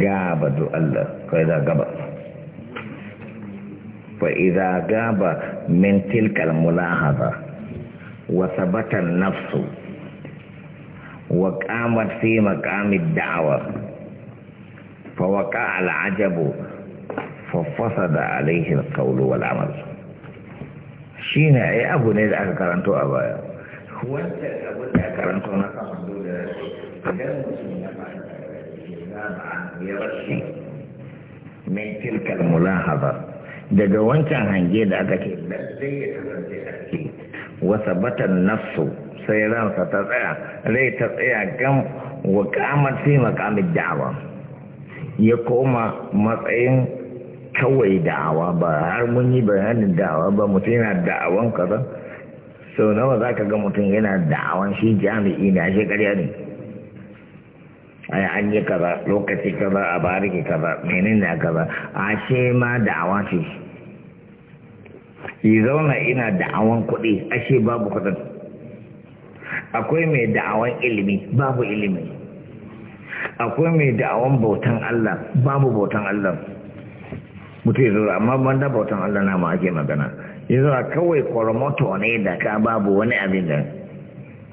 gaba do Allah kai da gaba fa idza gaba min tilka al mulahaza wa thabata nafsu. wa qamat fi maqam ad da'wa fa waqa al ajabu fa fasada alayhi al qawl wal amal shine ai abu ne da aka karanto a baya wanda abu da karanto na kan dole idan mutum أعرض عنه يرشي من تلك daga wancan hange da aka ce lallai ya kasance sarki wasa batan nafsu sai ransa ta tsaya rai ta tsaya gam wa kamar makamin da'awa ya koma matsayin kawai da'awa ba har mun yi bayanin da'awa ba mutum yana da'awan kaza sau nawa za ka ga mutum yana da'awan shi jami'i na shi ne an yi kaza lokaci kaza a bariki kaza menene ne kaza a ashe ma da'awa ce yi zauna ina da'awan kuɗi ashe babu kuɗin akwai mai da'awan ilimi babu ilimi akwai mai da'awan bautan Allah babu bautan Allah mutu ya zura amma ban da bautan Allah na ma ake magana ya zura kawai kwaramoto ne da ka babu wani abin da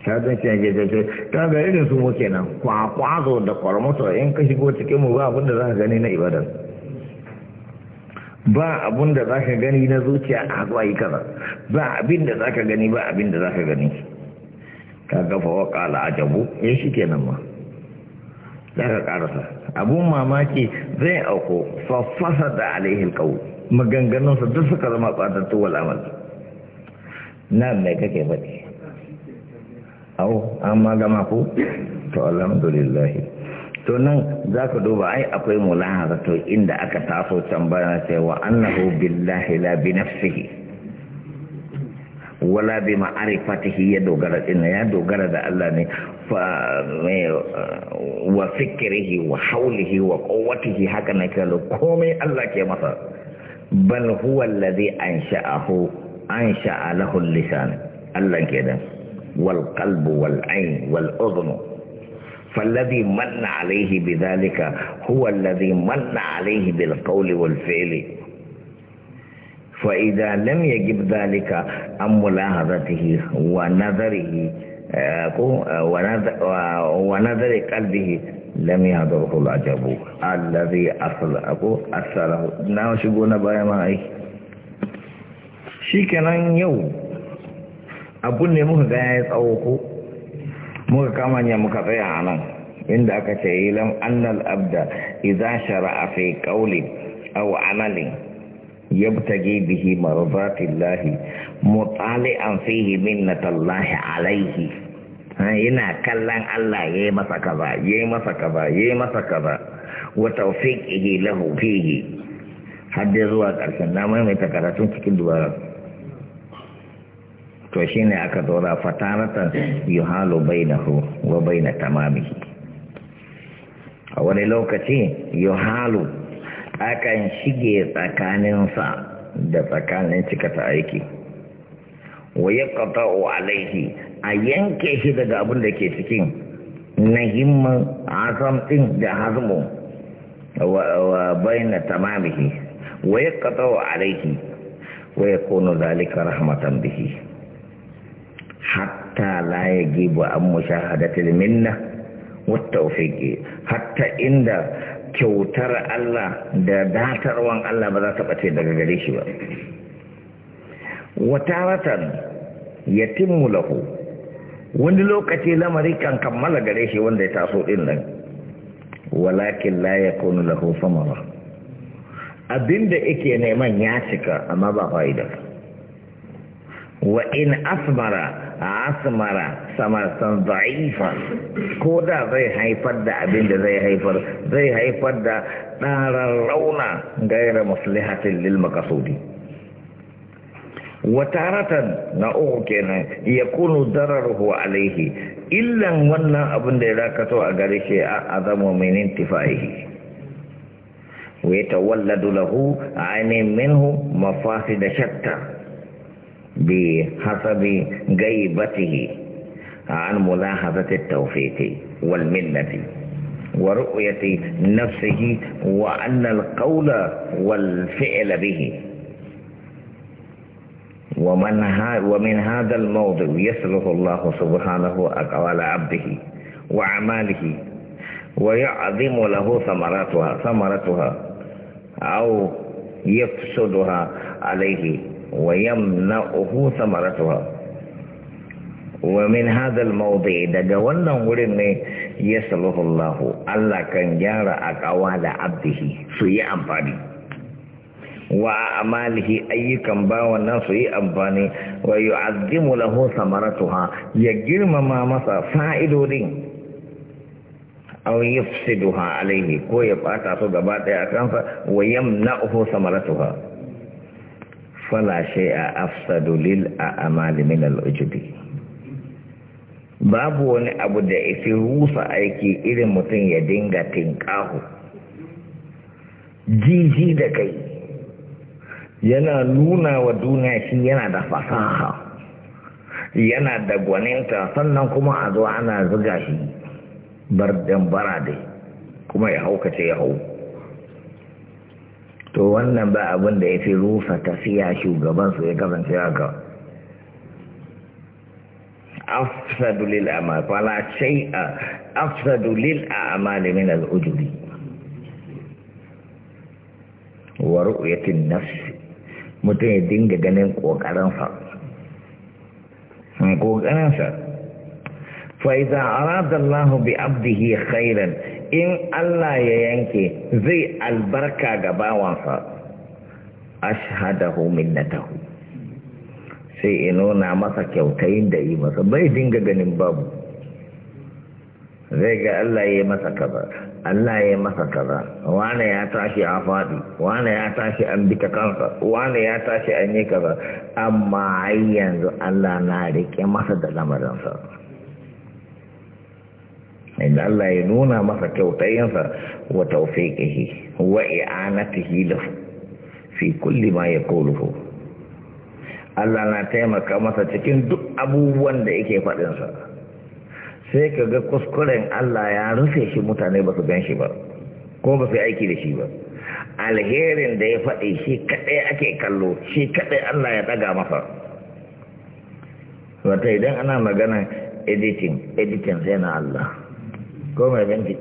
shafin shi yake cece ta ga irin su mu kenan kwakwazo da kwarmato in ka shigo cikin mu ba abinda za ka gani na ibadan ba abinda za ka gani na zuciya a haɗu a yi kaza ba abinda za ka gani ba abinda za ka gani ka gafa wa ƙala jabu ya shi nan ma za ka ƙarasa abun mamaki zai auko faffasa da alaihin kawo maganganunsa duk suka zama ɓatattu wal amal na mai kake faɗi au amma gama ku to alhamdulillah to nan za ka duba ai akwai mulahaza to inda aka taso tambaya sai wa annahu billahi la bi nafsihi wala bi ma'arifatihi ya dogara din ya dogara da Allah ne fa wa fikrihi wa haulihi wa quwwatihi haka na kallo komai Allah ke masa bal huwa allazi ansha'ahu ansha'a lahu lisan Allah kenan والقلب والعين والأذن فالذي من عليه بذلك هو الذي من عليه بالقول والفعل فإذا لم يجب ذلك عن ملاحظته ونظره آه، ونظر قلبه لم يهدره العجب الذي أخلقه أثره ناشقون نعم، بايا معي شيكنا يوم abun ne muka gaya ya tsawo ko muka kama ne muka tsaya a nan inda aka ce ilam annal abda idza shara'a fi qawlin aw amalin yabtagi an marzatillahi mutali'an fihi minnatallahi alaihi. yana kallon Allah yi masa kaza yi masa kaza yi masa kaza wa tawfiqihi lahu fihi hadda zuwa karshen na maimaita karatun cikin dubara to shine aka dora fataratan na hu wa bai na tamami a wani lokaci yuhalu akan shige tsakaninsa da tsakanin cika ta aiki wa wa alaihi a yanke shi daga abin da ke cikin na himman asamtin da hazmu wa bai na tamami wa yaqta'u alaihi wa kono zalika rahmatan bihi hatta la ya gibu an mushahadatul minna wattaufiki hatta inda kyautar Allah da datarwan Allah ba za ta bace daga gare shi ba wataratan yatimmu lahu wani lokaci lamari kan kammala gare shi wanda ya taso din nan walakin la yakunu lahu samara abinda yake neman ya cika amma ba fa'ida wa in asmara asmara samartan za'ifa ko da zai haifar da abin da zai haifar zai haifar da ɗarar rauna gaira maslahatin lil makasudi wataratan na uku kenan ya kunu dararuhu alaihi illan wannan abin da ya rakato a gare shi a azamu min intifaihi wa yatawalladu lahu ainin minhu da shatta بحسب غيبته عن ملاحظة التوفيق والمنة ورؤية نفسه وأن القول والفعل به ومن ومن هذا الموضع يصلح الله سبحانه أقوال عبده وأعماله ويعظم له ثمرتها ثمرتها أو يفسدها عليه ويمنعه ثمرتها ومن هذا الموضع دقا وانا ورن يسأله الله الله كان جار أقوال عبده سيء أمفاني وأعماله أي كان باونا سيء أمفاني ويعظم له ثمرتها يجرم ما مصى فائدورين aw yufsiduha alayhi ko ya bata su gaba daya kansa wa yamna'uhu samaratuha fala a afsadu lil a'mali min al ujubi babu wani abu da yake rusa aiki irin mutum ya dinga tinkahu jiji da kai yana nuna wa duniya shi yana da fasaha yana da gwaninta sannan kuma a zo ana zuga shi bar dambara dai kuma ya haukace ya hau to wannan ba abin da ya fi rufa tafiya shugabansu ya kasance haka afsadu lil amal fala shay'a afsadu lil a'mal min al ujuri wa ru'yatin nafs mutum ya dinga ganin kokarin sa ko ganin sa fa idza arada Allah bi abdihi khairan in Allah ya yanke zai albarka ga bawansa ashhadahu minnatahu sai nuna masa kyautayin da yi masa bai dinga ganin babu zai ga Allah ya masa kaza Allah ya masa kaza wane ya tashi a faɗi wane ya tashi an bita kansa wane ya tashi an yi kaza amma yanzu Allah na rike masa da lamarinsa inda Allah ya nuna masa kyautayinsa wa tawfiqihi wa i'anatihi lahu fi kulli ma yaquluhu Allah na taimaka masa cikin duk abubuwan da yake faɗin sa sai kaga kuskuren Allah ya rufe shi mutane ba su gan shi ba ko ba su aiki da shi ba alherin da ya faɗi shi kaɗai ake kallo shi kaɗai Allah ya ɗaga masa wata idan ana magana editing editing sai na Allah ko mai banki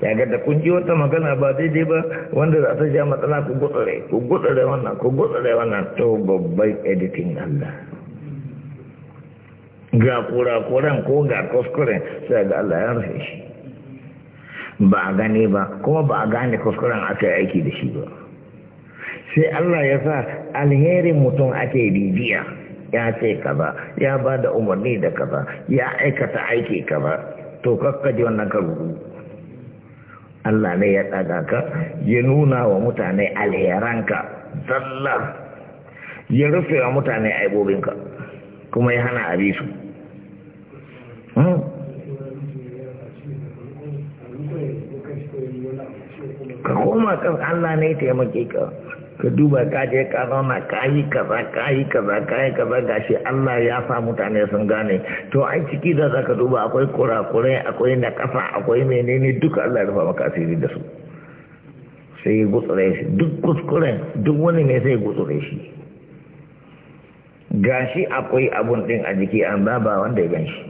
ya ga da kunji wata magana ba daidai ba wanda za ta ja matsala ku gudare ku gudare wannan ku gudare wannan to babbai editing Allah ga kura ko ga kuskuren sai ga Allah ya rufe shi ba a gane ba kuma ba a gane kuskuren aka yi aiki da shi ba sai Allah ya sa alherin mutum ake bibiya ya ce kaza ya ba da umarni da kaza ya aikata aiki kaza to ji wannan karu Allah ne ya ɗaga ka ya nuna wa mutane alheranka zalla ya rufe wa mutane aibobinka kuma ya hana abisu ka koma kan Allah ne taimake ka ka duba ka je ka zauna ka yi kaza ka yi kaza ka yi kaza gashi Allah ya sa mutane sun gane to ai ciki da zaka duba akwai kurakurai akwai na kafa akwai menene duka Allah ya rufa maka asiri da su sai ya gutsure shi duk kuskuren duk wani ne sai ya gutsure shi gashi akwai abun din a jiki an ba wanda ya gan shi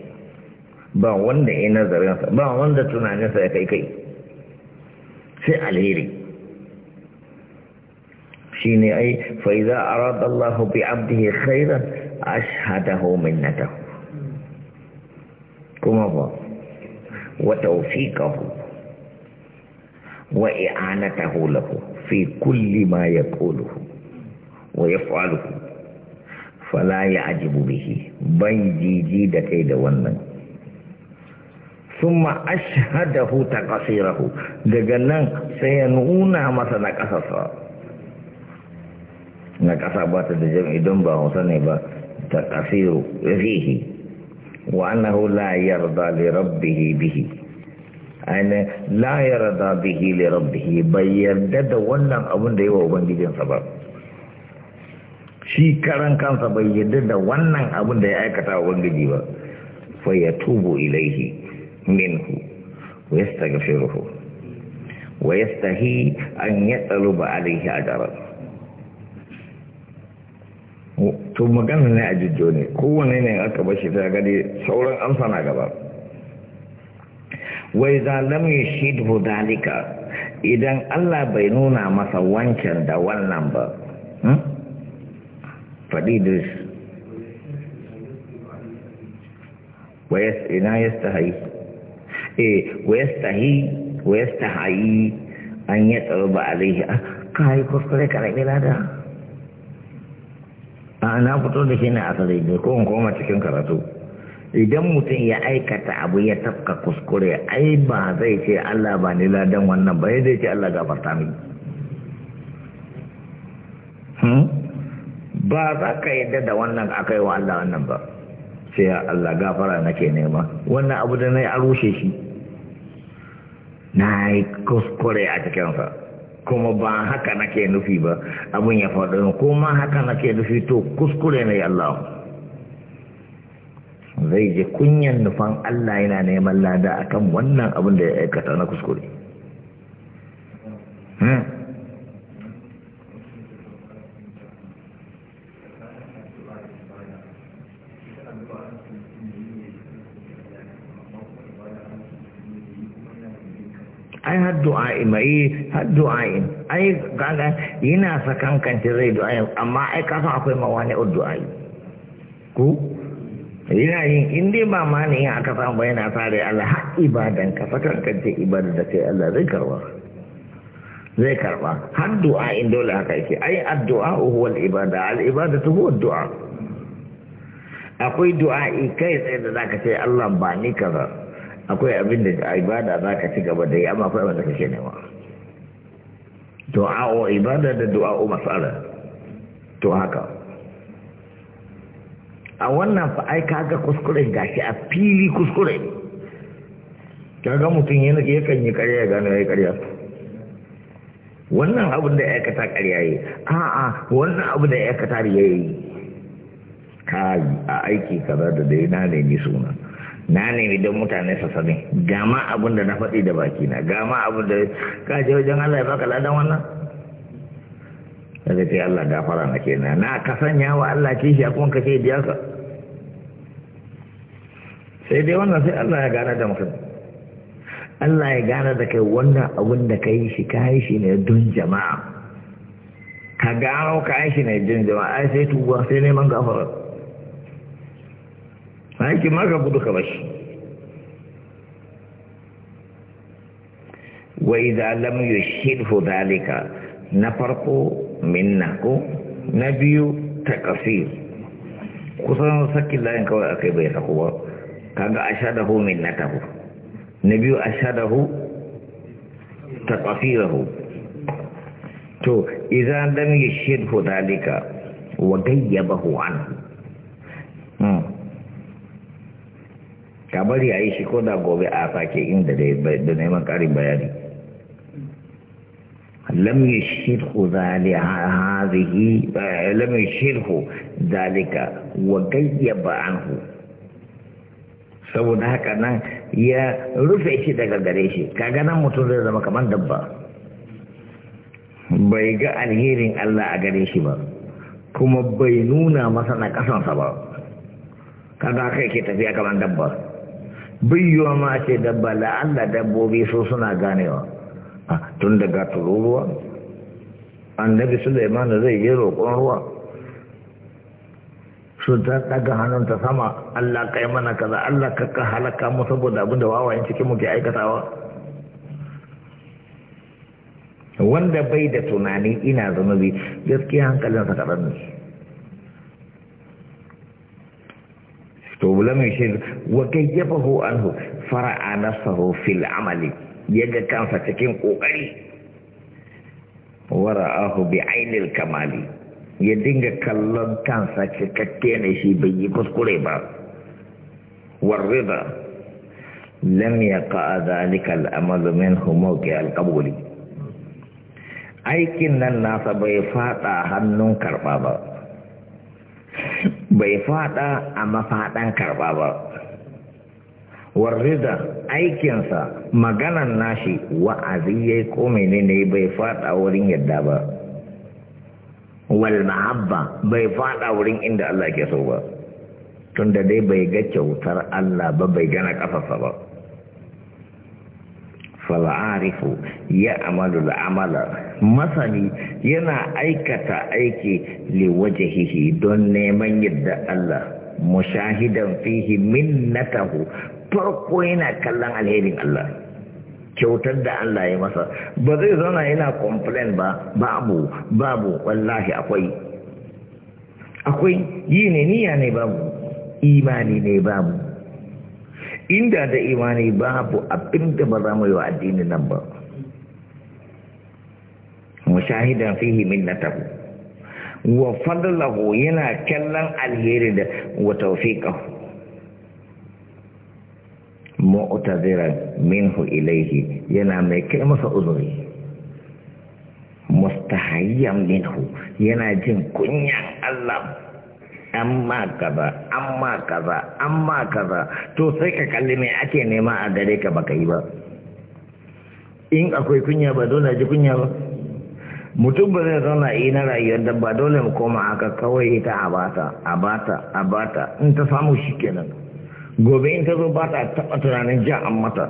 ba wanda ya nazarinsa ba wanda tunaninsa ya kai kai فعل هيري شيني أي فإذا أراد الله بعبده خيرا أشهده منته كما هو وتوفيقه وإعانته له في كل ما يقوله ويفعله فلا يعجب به بيجي جيدة كيدا ونمت summa ashhadahu taqsirahu daga nan sai ya nuna masa na kasasa na kasa ba ta da jami'i don ba hausa ne ba taqsiru fihi wa annahu la yarda li rabbih bihi ana la yarda bihi li bihi bai yarda da wannan abun da yawa ubangijinsa ba shi karan kansa bai yarda da wannan abin da ya aikata wa ubangiji ba fa ya ilaihi منه ويستغفره ويستحي أن يطلب عليه أجرا to magana ne a jijjo ne kowane ne aka bashi ta gani sauran amsa na gaba wai zalam ya shidhu dalika idan Allah bai nuna masa wancan da wannan ba hmm? faɗi da wai ina ya stahayi eh wayastahi wayastahi an ya tsarba alaihi ah, kai kuskure karami lada a na fito da shi ne asali ne ko in koma cikin karatu idan mutum ya aikata abu ya tafka kuskure ai ba zai ce Allah ba ni ladan wannan ba zai ce Allah gafarta mini hmm? ba za ka yadda da wannan akai wa Allah wannan ba sai Allah gafara nake nema wannan abu da na yi a rushe shi na yi kuskure a cikinsa kuma ba haka nake nufi ba abin ya faɗo kuma haka nake nufi to kuskure ne Allah zai je kunyan nufan Allah yana neman lada akan wannan abin da ya aikata na kuskure. Hmm? du'a'i ma yi du'a'i ai kaga yana sakankanci zai du'a amma ai ka san akwai mawani du'a'i ku yana yin in dai ba ma ne aka samu ba yana fara Allah har ibadan ka sakankance ibada da kai Allah zai karba zai karba har du'a'in dole haka yake ai addu'a huwa al-ibada al-ibadatu huwa ad-du'a akwai du'a'i kai sai da zaka ce Allah ba ni kaza akwai abin da a ibada za ka ci gaba da yi amma akwai abin da kake nema o ibada da o masala to haka a wannan fa ai kaga kuskure gashi a fili kuskure kaga mutum yana yakan yi karya gano ya karya wannan abin da ya ta karya yi a'a wannan abin da ya aikata riya yi kai a aiki kaza da dai na ne ni suna na nemi don mutane su sani gama abin da na faɗi da baki na gama abin da ka je wajen Allah ya baka ladan wannan da ce Allah gafara na ke na ka sanya wa Allah kishi a kuma ka ce biyarsa sai dai wannan sai Allah ya gane da mutum Allah ya gane da kai wannan abin da ka yi shi ka yi shi ne don jama'a ka gano ka yi shi ne don jama'a ai sai tuba sai neman gafara aikin ma ka gudu ka bashi wa idza lam yushhidhu dhalika na farko minna ko na biyu takafir kusan sakin layin kawai akai bai sako ba kaga ashadahu minnatahu na biyu ashadahu takafirahu to idza lam yushhidhu dhalika wa gayyabahu anhu ka bari a yi shi ko da gobe a fake inda da neman ƙarin bayani lam shirhu zalika hadhihi eh, lam yashirhu zalika wa gayyaba saboda haka nan ya rufe shi daga gare shi kaga nan mutum zai zama kamar dabba bai ga alherin Allah a gare shi ba kuma bai nuna masa na kasansa ba kada kai ke tafiya kamar dabba biyuwa ma ce dabba la'alla dabbobi su suna ganewa ah, tun daga tururuwa annabi imanin zai yi roƙon ruwa su ta daga ta sama Allah kai mana kaza Allah ka ka halaka mu saboda abinda wawayen cikin muke aikatawa wanda bai da tunani ina zunubi gaskiya hankalinsa kaɗan ne to lam yushir wa kayyafahu anhu fara'a nafsahu fil amali yaga kansa cikin kokari wara'ahu bi ainil kamali ya dinga kallon kansa cikakke ne shi bai yi kuskure ba warrida lam yaqa dhalika al-amal minhu mawqi al-qabuli aikin nan nasa bai fada hannun karba ba bai fada a mafaɗan karɓa ba warrida aikinsa maganan nashi wa'azi yayi ko ne bai fada wurin yadda ba wal mahabba bai fada wurin inda Allah ke so ba tunda dai bai ga kyautar Allah ba bai gana kafafa ba fal'arifu ya amalu la'amala masani yana aikata aiki liwajahihi don neman yadda Allah mushahidan fihi minnatahu farko yana kallon alherin Allah kyautar da Allah ya masa ba zai zauna yana complain ba babu babu wallahi akwai akwai yi ne niyya ne babu imani ne babu inda da imani babu abinda da ba za mu yi wa addinin nan ba mushahidan fihi minnatahu wa fadlahu yana kallon alheri da wa tawfiqahu mu'taziran minhu ilaihi yana mai kai masa uzuri mustahayyan minhu yana jin kunyan Allah ma kaza ma kaza ma kaza to sai ka kalli me ake nema a gare ka baka yi ba in akwai kunya ba dole ji kunya ba mutum ba zai zauna yi na rayuwar dabba dole mu koma haka kawai ta abata abata abata in ta samu shi kenan gobe in ta zo ba ta tunanin ja an mata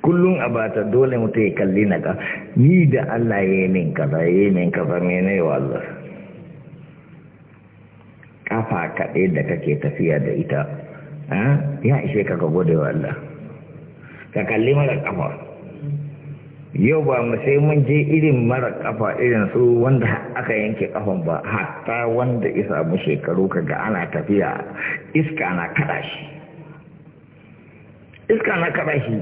kullum a bata dole mutu ya kalli na ka ni da Allah ya yi min kaza ya yi min kaza mene wa Allah kafa kaɗai da kake tafiya da ita ya ishe ka ka gode wa Allah ka kalli mara kafa yau ba mu sai mun je irin mara kafa irin su wanda aka yanke kafan ba hatta wanda isa mu shekaru ka ga ana tafiya iska na kada shi iska na kada shi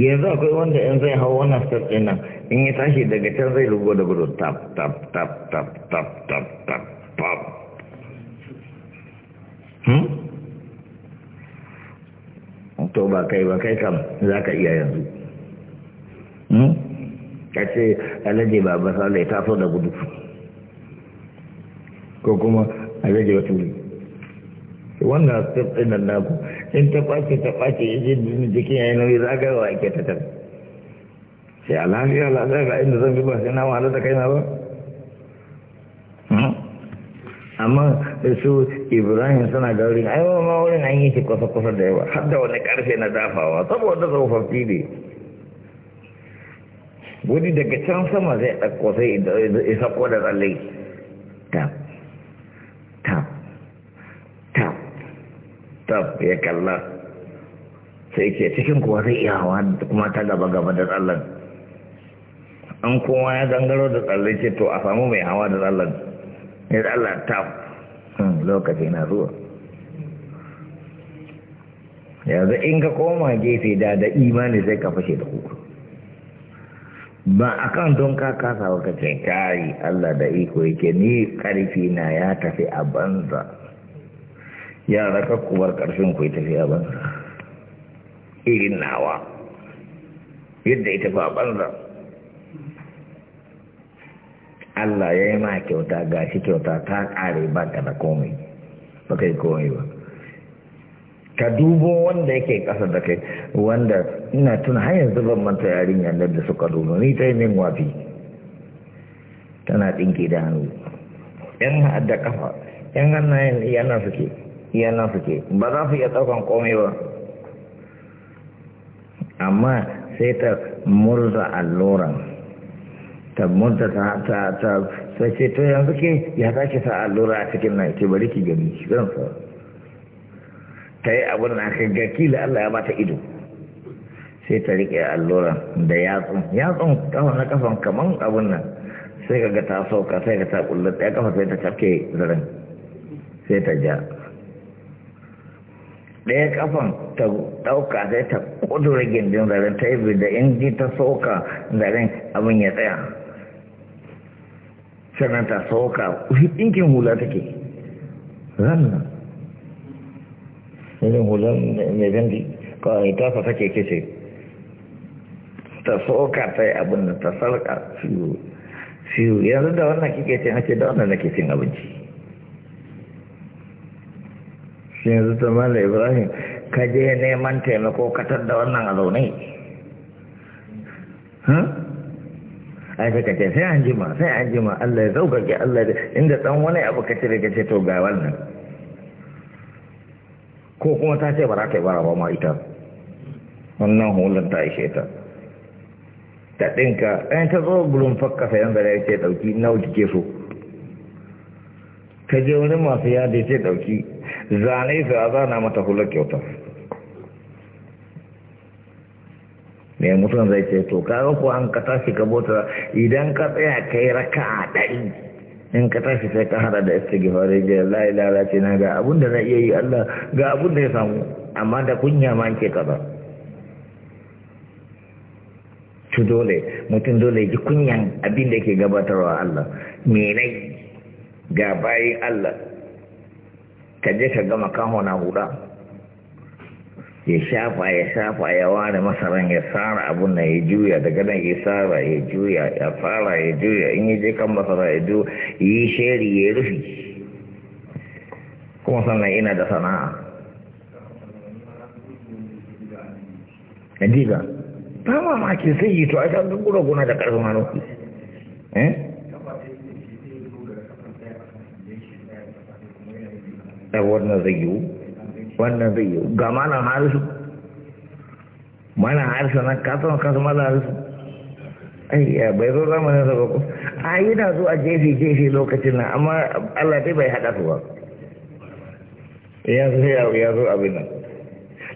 yanzu akwai wanda in zai hau wannan step din nan in ya tashi daga can zai rugo da gudu tap tap tap tap tap tap tap to ba kai ba kai kam za ka iya yanzu hmm? ka ce alaje ba ba sa lai taso da gudu ko kuma alaje wata wuri wannan step ɗin nan naku in ta ɓace ta ɓace ya je jikin ya yi nauyi za zagayewa ake ta tafi sai a lafiya lafiya ga inda zan bi ba sai na wahala da na ba amma su ibrahim suna da wurin ai ma wurin an yi shi kwasa-kwasa da yawa har da wani karfe na dafawa saboda tsofaffi ne wani daga can sama zai ɗauko sai isa ko da tsalle tap tap tap tap ya kalla sai ke cikin kuwa zai iya hawa kuma ta gaba-gaba da tsallan an kowa ya dangaro da tsallai ce to a samu mai hawa da tsallan in Allah ta hmm, lokaci na zuwa yanzu in ka koma gefe da da imani sai ka fashe da kuku ba a kan don ka kasa wa kace kai Allah da iko yake ni karfi na ya tafi a banza yara ka kubar karfin ku tafi a banza irin nawa yadda ita ba banza Allah ya yi ma kyauta ga shi kyauta ta ƙare ba ka da komai ba ka yi komai ba ka dubo wanda yake ƙasa da kai wanda ina tuna har yanzu ban manta yarinyar da suka dubo ni ta yi min wafi tana ɗinke da hannu yan da kafa yan hannayen iyanan suke iyanan suke ba za su iya ɗaukan komai ba amma sai ta murza alluran tambon ta ta ta sai ce to yanzu ke ya za ki sa allura a cikin nan ke bari ki gani zan sa ta yi abin na ka ga kila Allah ya ta ido sai ta riƙe alluran da yatsun yatsun kafan na kafan kaman abin nan sai ka ga ta sauka sai ka ta kullu ta kafa sai ta tafke zaren sai ta ja ɗaya kafan ta ɗauka sai ta ƙudura gindin zaren ta yi da in ji ta sauka zaren abin ya tsaya sannan ta sauka ɗinkin hula take rannan irin hula mai bindi kawai ta fa keke kese ta sauka ta yi abin da ta sarka fiyo yanzu da wannan kike cin ake da wannan nake cin abinci shi yanzu ta mala ibrahim ka je neman taimako katar da wannan a zaune ai sai ka sai an jima sai an jima Allah ya zaukake Allah ya inda dan wani abu ka cire ka ce to ga wannan ko kuma ta ce ba za ta yi ba ma ita wannan hulun ta ishe ta ta ɗinka ɗan ta zo gulun fakka sayan da ya ce ɗauki nawa kike so ka je wani masu yada ce ɗauki zane su a zana mata hular kyautar. ne mutum zai ce to kaga ko an ka tashi ka bota idan ka tsaya yi raka a ɗari in ka tashi sai ka hada da istighfari da la'ila ilaha na ga abun da zai iya yi Allah ga abun da ya samu amma da kunya ma ke kaza to dole mutum dole ji kunyan abin da ke gabatarwa Allah me ga bayan Allah ka je ka gama kan hona hura ya shafa ya shafa ya ware masaran ya tsara abun da ya juya daga nan ya tsara ya juya ya fara ya juya in yi kan masara ya ju yi sheri ya rufi kuma sannan ina da sana'a Adiga, ta mamaki sai yi to a can duk guna da karfin hannu. Eh? da wannan zai yiwu wannan zai yi ga mana harisu Mana harisu na katon kasu mana harisu ai bai zo zamanin sa ba ko a yi na zuwa jefi jefi lokacin nan amma Allah dai bai haɗa su ba yanzu ya zo abin nan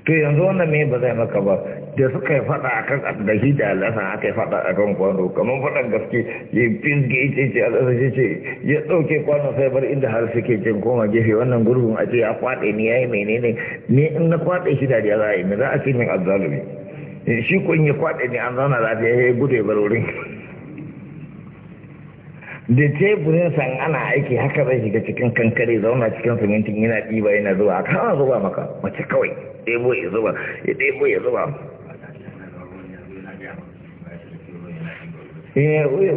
to yanzu wannan me ba zai maka ba da suka yi fada a kan da shi da alasa aka yi fada a kan kwano kamar fadan gaske ya fisge ita ce alasa shi ce ya ɗauke kwano sai bar inda har suke cin koma gefe wannan gurbin a ce ya kwaɗe ni ya yi menene ni in na kwaɗe shi da za a yi za a ce min azzalumi eh, shi kun ya kwaɗe ni an zauna lafiya ya yi gudu bar wurin da teburin san ana aiki haka zai shiga cikin kankare zauna cikin sumintin yana ɗiba yana zuba haka zuwa maka mace kawai ɗebo ya zuba ya ɗebo ya zuba Eh,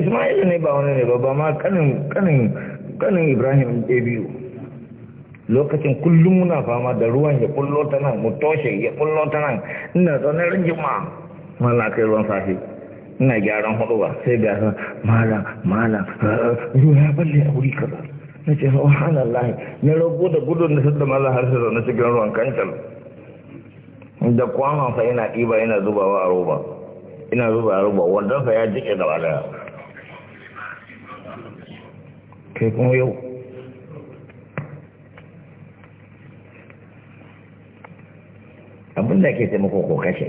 Ismail ne ba wani ne ba ba ma kanin kanin kanin Ibrahim ɗaya biyu lokacin kullum muna fama da ruwan ya kullo ta nan mu toshe ya kullo ta nan ina tsanar rinjin ma mana kai ruwan safi ina gyaran hudu ba sai ga mala mala ruwa ya balle a wuri kaza na ce lahi na rago da gudun da sadda mala har sai zaune cikin ruwan kantar. da kwamon fa ina ɗiba ina zubawa a roba ina zuba ruba wandonsa ya jike gaba kuma yau abinda ke taimako ko kashe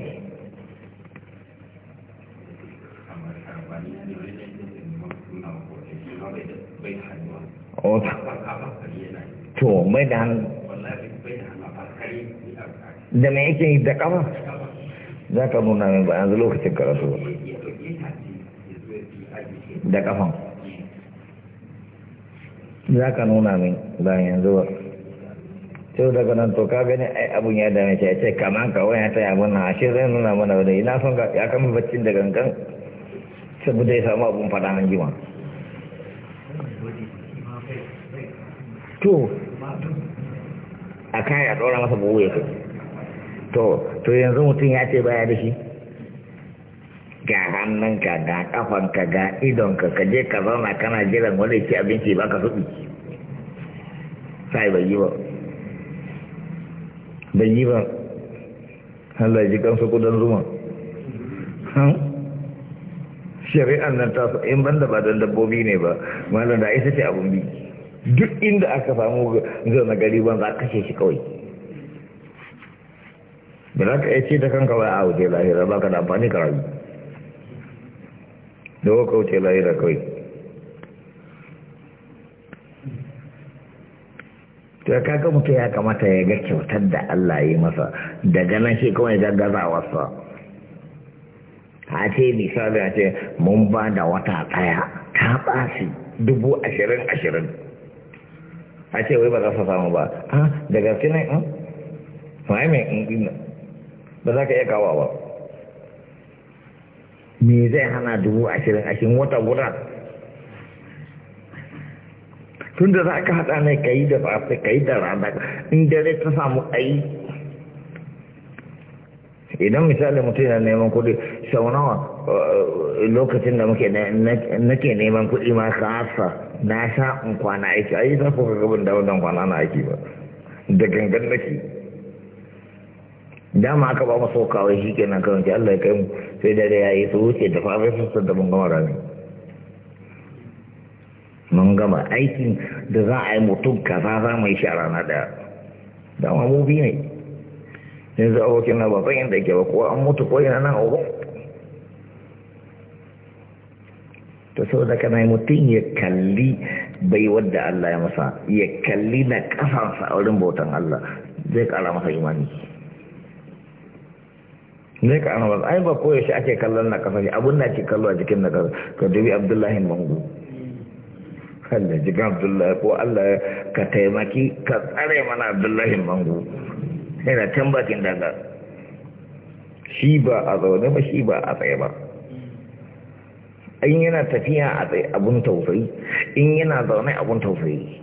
to mai da hannu da mai yake da kafa za ka nuna min ba yanzu lokacin rasu da kafan za ka nuna min ba yanzu ba sau daga nan to ka gani ai abun ya dame shi ya ce kama ka wani ta ya mana na ashe zai nuna mana wadda ina son ya kama baccin da gangan saboda ya samu abun fada an jima to a kan ya ɗora masa buhu ya kai to to yanzu mutum ya ce baya da shi ga ka ga ka ga idonka ka je ka zauna kana jiran wani ci abinci ba ka suɗi sai bai yi ba bai yi ba Allah ji kansu kudan zuma shari'an nan ta in banda ba don dabbobi ne ba malam da isa ce abin bi duk inda aka samu zaune gari ban za a kashe shi kawai ba za ka iya ce ta kanka ba a wuce lahira ba ka da amfani ka rayu da ka wuce lahira kawai ta kaga mutu ya kamata ya ga kyautar da Allah yi masa daga nan shi kuma ya gaggaza wasa a ce misali a ce mun ba da wata ɗaya ta ɓasi dubu ashirin ashirin a ce wai ba za su samu ba ha ah, da gaske ne ba mai ba za ka iya kawa ba me zai hana dubu ashirin ashirin wata guda tun da za ka haɗa ne ka yi da safe ka yi da rana in dare ta samu ayi idan misali mutum yana neman kuɗi sau nawa eh, lokacin da muke nake neman kuɗi ma kasa na sha in kwana aiki ayi za ku ga gabin da wannan kwana na aiki ba da gangan nake dama aka ba maso kawai shi ke nan kawai Allah ya kai mu sai dare ya yi su wuce da fafai su sun da mun gama rami mun gama aikin da za a yi mutum kaza za mu yi shi a rana daya dama mu bi ne yanzu wakil na ba san inda ke ba ko an mutu ko yana nan ogun to sau da kana mutum ya kalli bai wadda Allah ya masa ya kalli na kasansa a wurin bautan Allah zai kara masa imani ne ka ana wasu ai ba yaushe ake kallon na kasa abun na ke kallo a jikin na kasa ka dubi abdullahi mangu Allah jikin abdullahi ko Allah ka taimaki ka tsare mana abdullahi mangu yana can bakin daga shi ba a zaune ba shi ba a tsaye ba in yana tafiya a tsaye abun tausayi in yana zaune abun tausayi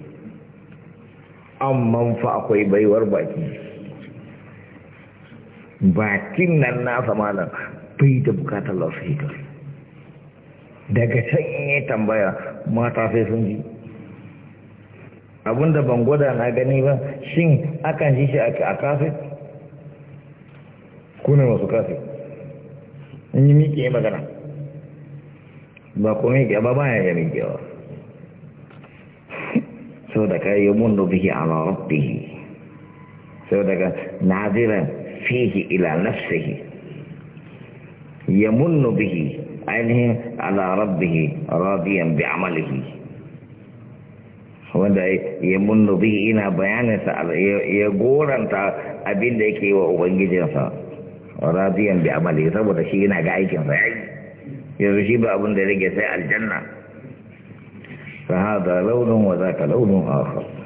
amma fa akwai baiwar baki bakin nan nasa malam bai da bukatar hikar daga can ya tambaya mata sai sun ji abinda ban gwada na gani ba shin akan ji shi a kafin kuna masu kafin in yi miƙe magana ba ku miƙe ba ba ya miƙe ba sau da kayi mun da bihi a rabbihi sau daga naziran fihi ila nafsihi yamunnu bihi ainihin ala rabbihi radiyan bi amalihi wanda ya munnu bihi ina bayaninsa ya goranta abin da yake wa ubangijinsa radiyan bi amalihi saboda shi yana ga aikinsa ya yi yanzu shi ba abin da rage sai aljanna fa hada launin wa zaka launin akhar